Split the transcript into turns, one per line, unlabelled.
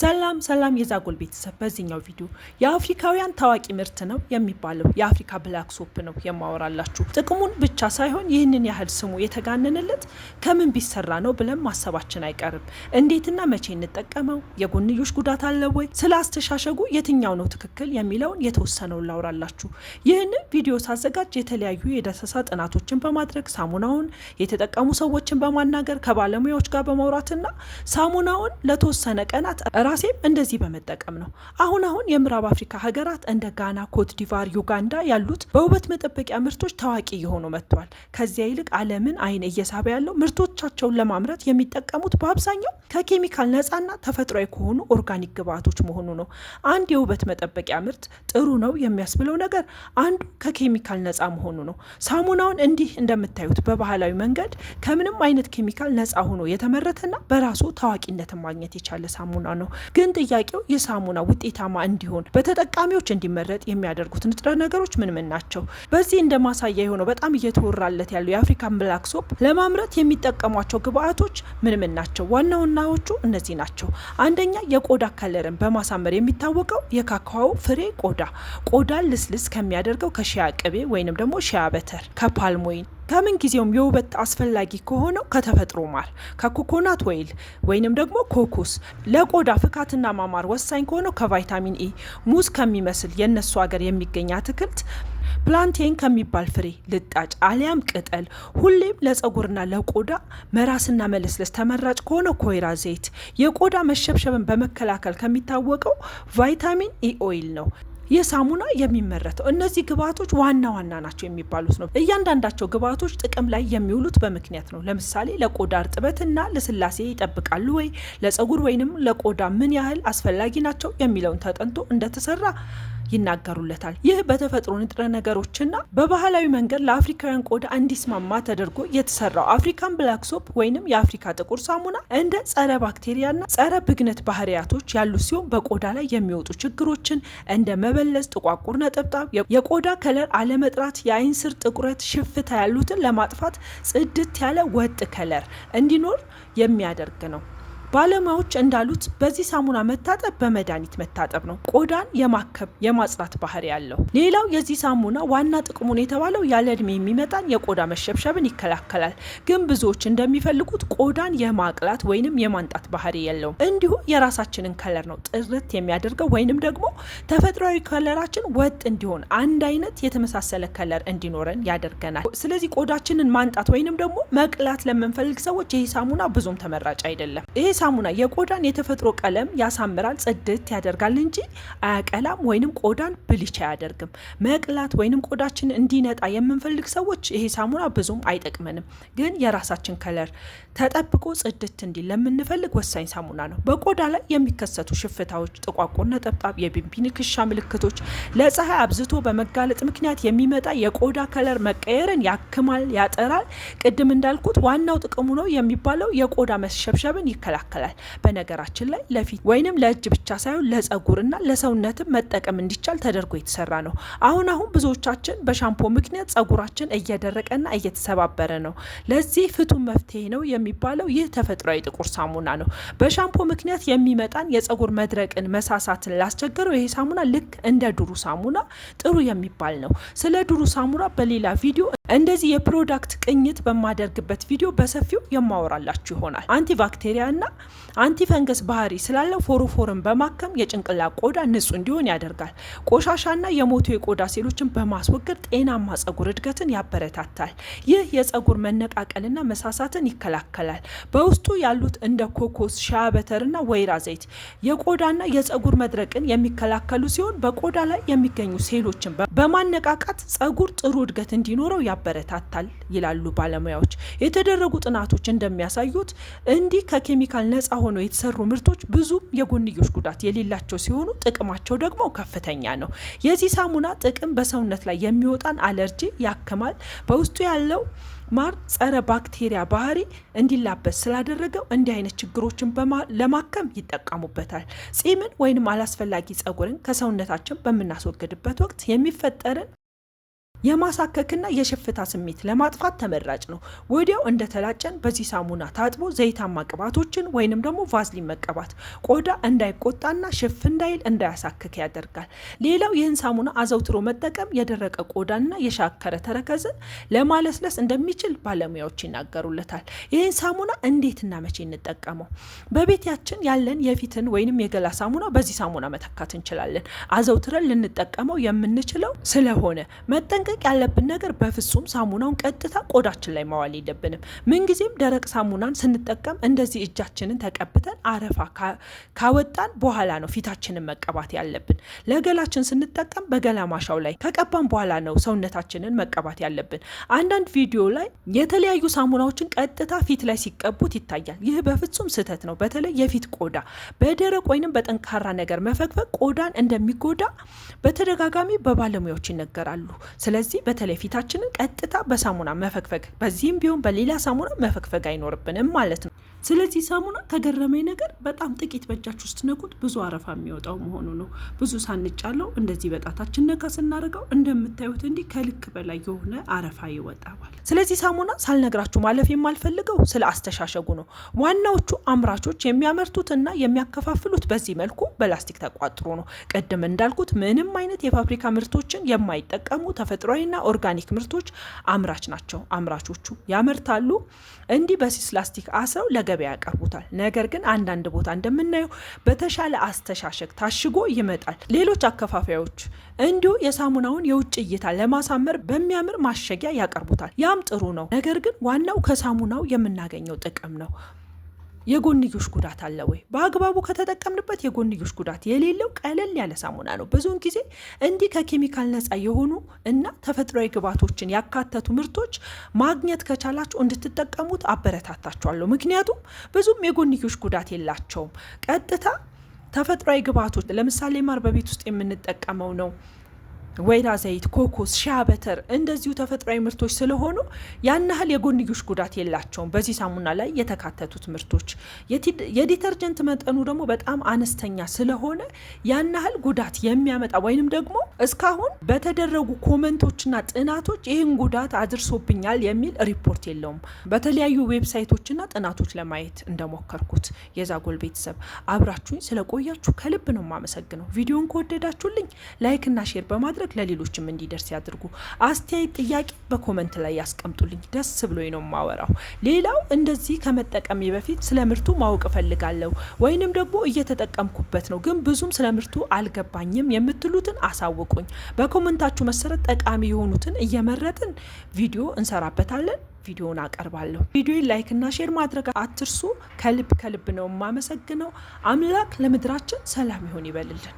ሰላም ሰላም የዛጎል ቤተሰብ፣ በዚህኛው ቪዲዮ የአፍሪካውያን ታዋቂ ምርት ነው የሚባለው የአፍሪካ ብላክ ሶፕ ነው የማወራላችሁ። ጥቅሙን ብቻ ሳይሆን ይህንን ያህል ስሙ የተጋነነለት ከምን ቢሰራ ነው ብለን ማሰባችን አይቀርም። እንዴትና መቼ እንጠቀመው? የጎንዮሽ ጉዳት አለ ወይ? ስለ አስተሻሸጉ የትኛው ነው ትክክል የሚለውን የተወሰነውን ላውራላችሁ። ይህንን ቪዲዮ ሳዘጋጅ የተለያዩ የዳሰሳ ጥናቶችን በማድረግ ሳሙናውን የተጠቀሙ ሰዎችን በማናገር ከባለሙያዎች ጋር በማውራትና ሳሙናውን ለተወሰነ ቀናት ራሴም እንደዚህ በመጠቀም ነው። አሁን አሁን የምዕራብ አፍሪካ ሀገራት እንደ ጋና፣ ኮትዲቫር፣ ዩጋንዳ ያሉት በውበት መጠበቂያ ምርቶች ታዋቂ የሆኑ መጥተዋል። ከዚያ ይልቅ ዓለምን አይን እየሳበ ያለው ምርቶቻቸውን ለማምረት የሚጠቀሙት በአብዛኛው ከኬሚካል ነፃና ተፈጥሯዊ ከሆኑ ኦርጋኒክ ግብዓቶች መሆኑ ነው። አንድ የውበት መጠበቂያ ምርት ጥሩ ነው የሚያስብለው ነገር አንዱ ከኬሚካል ነፃ መሆኑ ነው። ሳሙናውን እንዲህ እንደምታዩት በባህላዊ መንገድ ከምንም አይነት ኬሚካል ነፃ ሆኖ የተመረተና በራሱ ታዋቂነትን ማግኘት የቻለ ሳሙና ነው። ግን ጥያቄው የሳሙና ውጤታማ እንዲሆን በተጠቃሚዎች እንዲመረጥ የሚያደርጉት ንጥረ ነገሮች ምን ምን ናቸው? በዚህ እንደ ማሳያ የሆነው በጣም እየተወራለት ያለው የአፍሪካን ብላክ ሶፕ ለማምረት የሚጠቀሟቸው ግብአቶች ምን ምን ናቸው? ዋና ዋናዎቹ እነዚህ ናቸው። አንደኛ የቆዳ ከለርን በማሳመር የሚታወቀው የካካዋው ፍሬ ቆዳ ቆዳን ልስልስ ከሚያደርገው ከሺያ ቅቤ ወይንም ደግሞ ሺያ በተር ከፓልሞይን ከምን ጊዜውም የውበት አስፈላጊ ከሆነው ከተፈጥሮ ማር ከኮኮናት ወይል ወይንም ደግሞ ኮኮስ፣ ለቆዳ ፍካትና ማማር ወሳኝ ከሆነው ከቫይታሚን ኤ፣ ሙዝ ከሚመስል የእነሱ ሀገር የሚገኝ አትክልት፣ ፕላንቴን ከሚባል ፍሬ ልጣጭ አሊያም ቅጠል፣ ሁሌም ለጸጉርና ለቆዳ መራስና መለስለስ ተመራጭ ከሆነው ኮይራ ዘይት፣ የቆዳ መሸብሸብን በመከላከል ከሚታወቀው ቫይታሚን ኢ ኦይል ነው። የሳሙና የሚመረተው እነዚህ ግብአቶች ዋና ዋና ናቸው የሚባሉት ነው። እያንዳንዳቸው ግብአቶች ጥቅም ላይ የሚውሉት በምክንያት ነው። ለምሳሌ ለቆዳ እርጥበትና ለስላሴ ይጠብቃሉ ወይ፣ ለጸጉር ወይንም ለቆዳ ምን ያህል አስፈላጊ ናቸው የሚለውን ተጠንቶ እንደተሰራ ይናገሩለታል። ይህ በተፈጥሮ ንጥረ ነገሮችና በባህላዊ መንገድ ለአፍሪካውያን ቆዳ እንዲስማማ ተደርጎ የተሰራው አፍሪካን ብላክ ሶፕ ወይንም የአፍሪካ ጥቁር ሳሙና እንደ ጸረ ባክቴሪያና ጸረ ብግነት ባህሪያቶች ያሉ ሲሆን በቆዳ ላይ የሚወጡ ችግሮችን እንደ መበለዝ፣ ጥቋቁር ነጠብጣብ፣ የቆዳ ከለር አለመጥራት፣ የአይን ስር ጥቁረት፣ ሽፍታ ያሉትን ለማጥፋት ጽድት ያለ ወጥ ከለር እንዲኖር የሚያደርግ ነው። ባለሙያዎች እንዳሉት በዚህ ሳሙና መታጠብ በመድኃኒት መታጠብ ነው። ቆዳን የማከም የማጽዳት ባህሪ ያለው። ሌላው የዚህ ሳሙና ዋና ጥቅሙን የተባለው ያለ እድሜ የሚመጣን የቆዳ መሸብሸብን ይከላከላል። ግን ብዙዎች እንደሚፈልጉት ቆዳን የማቅላት ወይንም የማንጣት ባህሪ የለውም። እንዲሁም የራሳችንን ከለር ነው ጥርት የሚያደርገው ወይንም ደግሞ ተፈጥሯዊ ከለራችን ወጥ እንዲሆን አንድ አይነት የተመሳሰለ ከለር እንዲኖረን ያደርገናል። ስለዚህ ቆዳችንን ማንጣት ወይንም ደግሞ መቅላት ለምንፈልግ ሰዎች ይህ ሳሙና ብዙም ተመራጭ አይደለም። ሳሙና የቆዳን የተፈጥሮ ቀለም ያሳምራል፣ ጽድት ያደርጋል እንጂ አያቀላም ወይንም ቆዳን ብልች አያደርግም። መቅላት ወይንም ቆዳችን እንዲነጣ የምንፈልግ ሰዎች ይሄ ሳሙና ብዙም አይጠቅመንም። ግን የራሳችን ከለር ተጠብቆ ጽድት እንዲ ለምንፈልግ ወሳኝ ሳሙና ነው። በቆዳ ላይ የሚከሰቱ ሽፍታዎች፣ ጥቋቁር ነጠብጣብ፣ የቢንቢ ንክሻ ምልክቶች፣ ለፀሐይ አብዝቶ በመጋለጥ ምክንያት የሚመጣ የቆዳ ከለር መቀየርን ያክማል፣ ያጠራል። ቅድም እንዳልኩት ዋናው ጥቅሙ ነው የሚባለው የቆዳ መሸብሸብን ይከላከላል። ይከላከላል። በነገራችን ላይ ለፊት ወይንም ለእጅ ብቻ ሳይሆን ለጸጉርና ለሰውነትም መጠቀም እንዲቻል ተደርጎ የተሰራ ነው። አሁን አሁን ብዙዎቻችን በሻምፖ ምክንያት ጸጉራችን እየደረቀና እየተሰባበረ ነው። ለዚህ ፍቱ መፍትሄ ነው የሚባለው ይህ ተፈጥሯዊ ጥቁር ሳሙና ነው። በሻምፖ ምክንያት የሚመጣን የጸጉር መድረቅን፣ መሳሳትን ላስቸገረው ይሄ ሳሙና ልክ እንደ ዱሩ ሳሙና ጥሩ የሚባል ነው። ስለ ዱሩ ሳሙና በሌላ ቪዲዮ እንደዚህ የፕሮዳክት ቅኝት በማደርግበት ቪዲዮ በሰፊው የማወራላችሁ ይሆናል። አንቲባክቴሪያ እና አንቲፈንገስ ባህሪ ስላለው ፎሮፎርን በማከም የጭንቅላት ቆዳ ንጹህ እንዲሆን ያደርጋል። ቆሻሻና የሞቱ የቆዳ ሴሎችን በማስወገድ ጤናማ ጸጉር እድገትን ያበረታታል። ይህ የጸጉር መነቃቀልና መሳሳትን ይከላከላል። በውስጡ ያሉት እንደ ኮኮስ፣ ሻያ ወይራ ዘይት የቆዳና የጸጉር መድረቅን የሚከላከሉ ሲሆን በቆዳ ላይ የሚገኙ ሴሎችን በማነቃቃት ጸጉር ጥሩ እድገት እንዲኖረው ያበረታታል ይላሉ ባለሙያዎች። የተደረጉ ጥናቶች እንደሚያሳዩት እንዲህ ከኬሚካል ነጻ ሆነው የተሰሩ ምርቶች ብዙ የጎንዮሽ ጉዳት የሌላቸው ሲሆኑ ጥቅማቸው ደግሞ ከፍተኛ ነው። የዚህ ሳሙና ጥቅም በሰውነት ላይ የሚወጣን አለርጂ ያክማል። በውስጡ ያለው ማር ጸረ ባክቴሪያ ባህሪ እንዲላበስ ስላደረገው እንዲህ አይነት ችግሮችን ለማከም ይጠቀሙበታል። ጺምን ወይንም አላስፈላጊ ጸጉርን ከሰውነታችን በምናስወግድበት ወቅት የሚፈጠርን የማሳከክና የሽፍታ ስሜት ለማጥፋት ተመራጭ ነው። ወዲያው እንደተላጨን በዚህ ሳሙና ታጥቦ ዘይታማ ቅባቶችን ወይንም ደግሞ ቫዝሊን መቀባት ቆዳ እንዳይቆጣና ሽፍ እንዳይል እንዳያሳክክ ያደርጋል። ሌላው ይህን ሳሙና አዘውትሮ መጠቀም የደረቀ ቆዳና የሻከረ ተረከዝን ለማለስለስ እንደሚችል ባለሙያዎች ይናገሩለታል። ይህን ሳሙና እንዴትና መቼ እንጠቀመው? በቤታችን ያለን የፊትን ወይንም የገላ ሳሙና በዚህ ሳሙና መተካት እንችላለን። አዘውትረን ልንጠቀመው የምንችለው ስለሆነ መጠንቀቅ ማስጠንቀቅ ያለብን ነገር በፍጹም ሳሙናውን ቀጥታ ቆዳችን ላይ ማዋል የለብንም። ምንጊዜም ደረቅ ሳሙናን ስንጠቀም እንደዚህ እጃችንን ተቀብተን አረፋ ካወጣን በኋላ ነው ፊታችንን መቀባት ያለብን። ለገላችን ስንጠቀም በገላ ማሻው ላይ ከቀባን በኋላ ነው ሰውነታችንን መቀባት ያለብን። አንዳንድ ቪዲዮ ላይ የተለያዩ ሳሙናዎችን ቀጥታ ፊት ላይ ሲቀቡት ይታያል። ይህ በፍጹም ስህተት ነው። በተለይ የፊት ቆዳ በደረቅ ወይንም በጠንካራ ነገር መፈግፈግ ቆዳን እንደሚጎዳ በተደጋጋሚ በባለሙያዎች ይነገራሉ። ስለዚህ በተለይ ፊታችንን ቀጥታ በሳሙና መፈግፈግ በዚህም ቢሆን በሌላ ሳሙና መፈግፈግ አይኖርብንም ማለት ነው። ስለዚህ ሳሙና ከገረመኝ ነገር በጣም ጥቂት በእጃችሁ ውስጥ ብዙ አረፋ የሚወጣው መሆኑ ነው። ብዙ ሳንጫለው እንደዚህ በጣታችን ነካ ስናደርገው እንደምታዩት እንዲህ ከልክ በላይ የሆነ አረፋ ይወጣል። ስለዚህ ሳሙና ሳልነግራችሁ ማለፍ የማልፈልገው ስለ አስተሻሸጉ ነው። ዋናዎቹ አምራቾች የሚያመርቱትና የሚያከፋፍሉት በዚህ መልኩ በላስቲክ ተቋጥሮ ነው። ቅድም እንዳልኩት ምንም አይነት የፋብሪካ ምርቶችን የማይጠቀሙ ተፈጥሮ ተፈጥሯዊና ኦርጋኒክ ምርቶች አምራች ናቸው። አምራቾቹ ያመርታሉ፣ እንዲህ በሲስ ላስቲክ አስረው ለገበያ ያቀርቡታል። ነገር ግን አንዳንድ ቦታ እንደምናየው በተሻለ አስተሻሸግ ታሽጎ ይመጣል። ሌሎች አከፋፋዮች እንዲሁ የሳሙናውን የውጭ እይታ ለማሳመር በሚያምር ማሸጊያ ያቀርቡታል። ያም ጥሩ ነው። ነገር ግን ዋናው ከሳሙናው የምናገኘው ጥቅም ነው። የጎንዮሽ ጉዳት አለ ወይ? በአግባቡ ከተጠቀምንበት የጎንዮሽ ጉዳት የሌለው ቀለል ያለ ሳሙና ነው። ብዙውን ጊዜ እንዲህ ከኬሚካል ነፃ የሆኑ እና ተፈጥሯዊ ግብዓቶችን ያካተቱ ምርቶች ማግኘት ከቻላችሁ እንድትጠቀሙት አበረታታችኋለሁ። ምክንያቱም ብዙም የጎንዮሽ ጉዳት የላቸውም። ቀጥታ ተፈጥሯዊ ግብዓቶች ለምሳሌ ማር በቤት ውስጥ የምንጠቀመው ነው። ወይራ ዘይት፣ ኮኮስ፣ ሻበተር በተር እንደዚሁ ተፈጥሯዊ ምርቶች ስለሆኑ ያን ያህል የጎንዮሽ ጉዳት የላቸውም። በዚህ ሳሙና ላይ የተካተቱት ምርቶች የዲተርጀንት መጠኑ ደግሞ በጣም አነስተኛ ስለሆነ ያን ያህል ጉዳት የሚያመጣ ወይንም ደግሞ እስካሁን በተደረጉ ኮመንቶችና ጥናቶች ይህን ጉዳት አድርሶብኛል የሚል ሪፖርት የለውም። በተለያዩ ዌብሳይቶችና ጥናቶች ለማየት እንደሞከርኩት የዛጎል ቤተሰብ አብራችሁኝ ስለቆያችሁ ከልብ ነው የማመሰግነው። ቪዲዮን ከወደዳችሁልኝ ላይክና ሼር በማድረግ በማድረግ ለሌሎችም እንዲደርስ ያድርጉ። አስተያየት፣ ጥያቄ በኮመንት ላይ ያስቀምጡልኝ። ደስ ብሎኝ ነው ማወራው። ሌላው እንደዚህ ከመጠቀሜ በፊት ስለ ምርቱ ማወቅ እፈልጋለሁ ወይንም ደግሞ እየተጠቀምኩበት ነው ግን ብዙም ስለ ምርቱ አልገባኝም የምትሉትን አሳውቁኝ። በኮመንታችሁ መሰረት ጠቃሚ የሆኑትን እየመረጥን ቪዲዮ እንሰራበታለን። ቪዲዮውን አቀርባለሁ። ቪዲዮ ላይክና ሼር ማድረግ አትርሱ። ከልብ ከልብ ነው የማመሰግነው። አምላክ ለምድራችን ሰላም ይሆን ይበልልን።